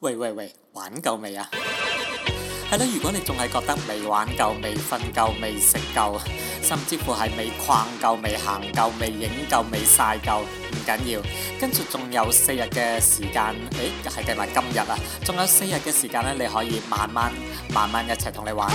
喂喂喂，玩夠未啊？係咯， 如果你仲係覺得未玩夠、未瞓夠、未食夠，甚至乎係未逛夠、未行夠、未影夠、未晒夠，唔緊要，跟住仲有四日嘅時間，誒、哎，係計埋今日啊，仲有四日嘅時間咧，你可以慢慢、慢慢一齊同你玩。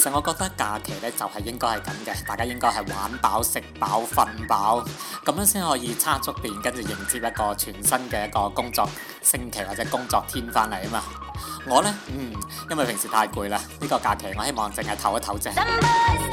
其實我覺得假期咧就係應該係咁嘅，大家應該係玩飽食飽瞓飽，咁樣先可以差足電，跟住迎接一個全新嘅一個工作星期或者工作天翻嚟啊嘛。我呢，嗯，因為平時太攰啦，呢、呢個假期我希望淨係唞一唞啫。Bye bye.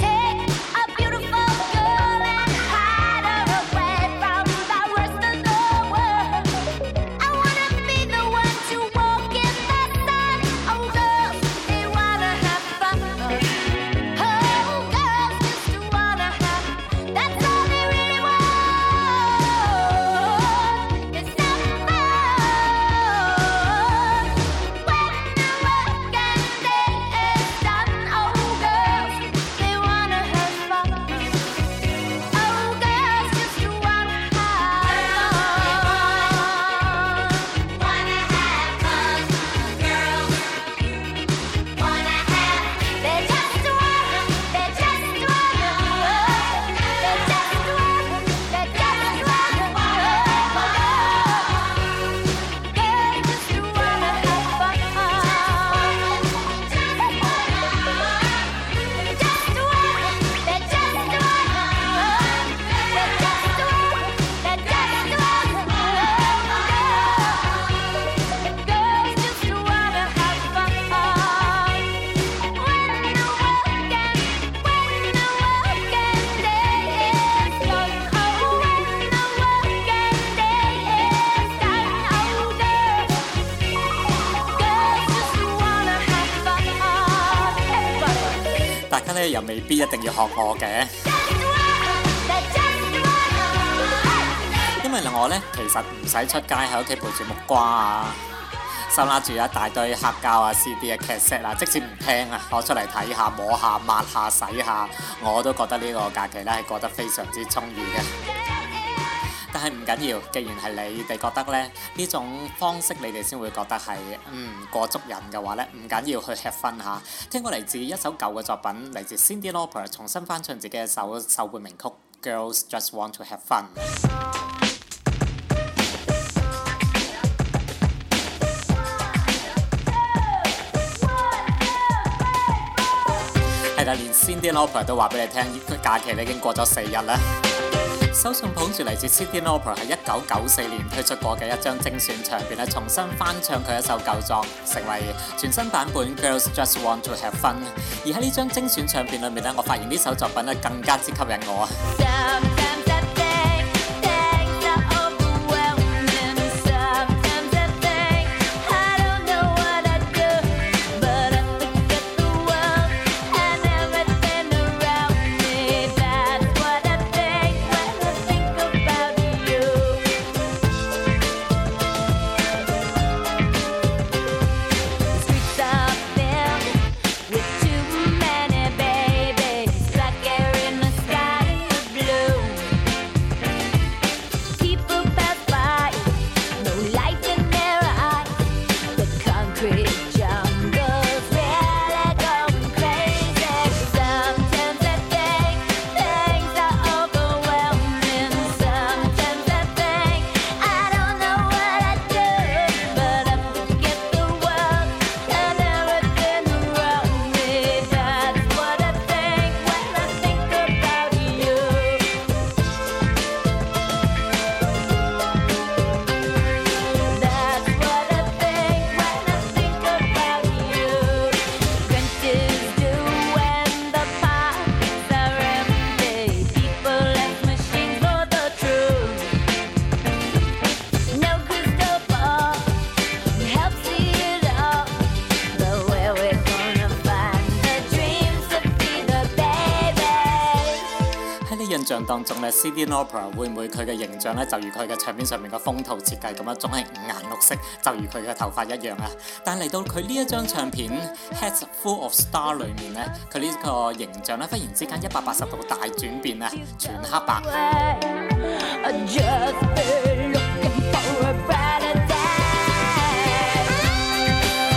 咧又未必一定要學我嘅，因為我咧其實唔使出街喺屋企陪住木瓜啊，收攬住一大堆黑膠啊、CD 啊、劇集啊，即使唔聽啊，我出嚟睇下、摸下、抹下、抹下、洗下，我都覺得個呢個假期咧係過得非常之充裕嘅。但係唔緊要，既然係你哋覺得咧呢種方式，你哋先會覺得係嗯過足癮嘅話咧，唔緊要去吃分吓。聽歌嚟自一首舊嘅作品，嚟自 Cyndi Lauper，重新翻唱自己嘅首首本名曲《Girls Just Want to Have Fun》。係啦，連 Cyndi Lauper 都話俾你聽，假期你已經過咗四日啦。手上捧住嚟自 Cyndi Lauper 喺一九九四年推出過嘅一張精選唱片，咧重新翻唱佢一首舊作，成為全新版本 Girls Just Want to Have Fun。而喺呢張精選唱片裏面，咧，我發現呢首作品咧更加之吸引我。Down, down. 印像當中咧 Cyndi Lauper 會唔會佢嘅形象咧，就如佢嘅唱片上面嘅封套設計咁樣，總係五顏六色，就如佢嘅頭髮一樣啊！但係嚟到佢呢一張唱片《Hat Full of Stars》裏面咧，佢呢個形象咧，忽然之間一百八十度大轉變啊，全黑白。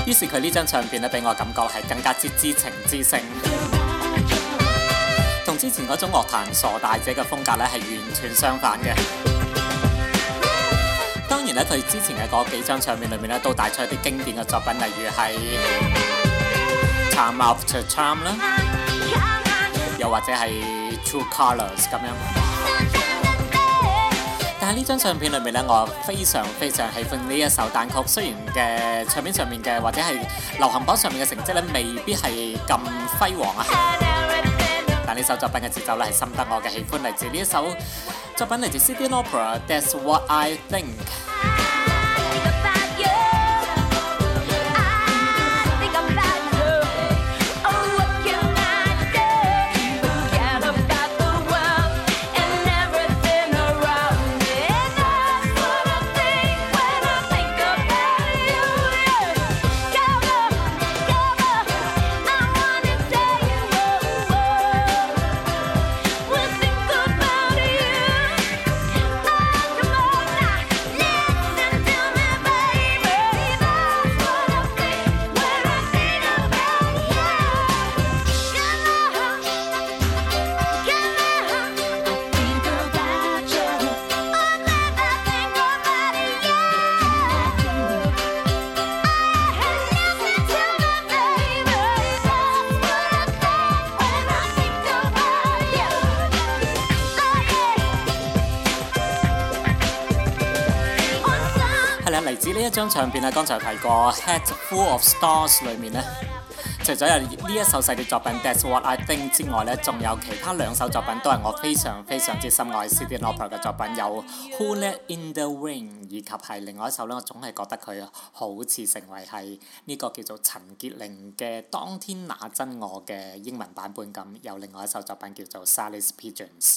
於是佢呢張唱片咧，俾我感覺係更加之知情知性。之前嗰種樂壇傻大姐嘅風格咧，係完全相反嘅。當然咧，佢之前嘅嗰幾張唱片裏面咧，都帶出一啲經典嘅作品，例如係《Time After Time》啦，又或者係《True Colors》咁樣。但係呢張唱片裏面咧，我非常非常喜歡呢一首單曲。雖然嘅唱片上面嘅或者係流行榜上面嘅成績咧，未必係咁輝煌啊。但呢首作品嘅節奏咧，係深得我嘅喜歡。嚟自呢一首作品，嚟自 Cyndi Lauper That's What I Think。嚟自呢一張唱片啊，剛才提過《Hat Full of Stars》裏面咧，除咗有呢一首細嘅作品《That's What I Think》之外咧，仲有其他兩首作品都係我非常非常之深愛 Cyndi Lauper 嘅作品，有《Who Let In the Rain》以及係另外一首咧，我總係覺得佢好似成為係呢個叫做陳潔玲嘅當天那真我嘅英文版本咁。有另外一首作品叫做《Sally's Pigeons》。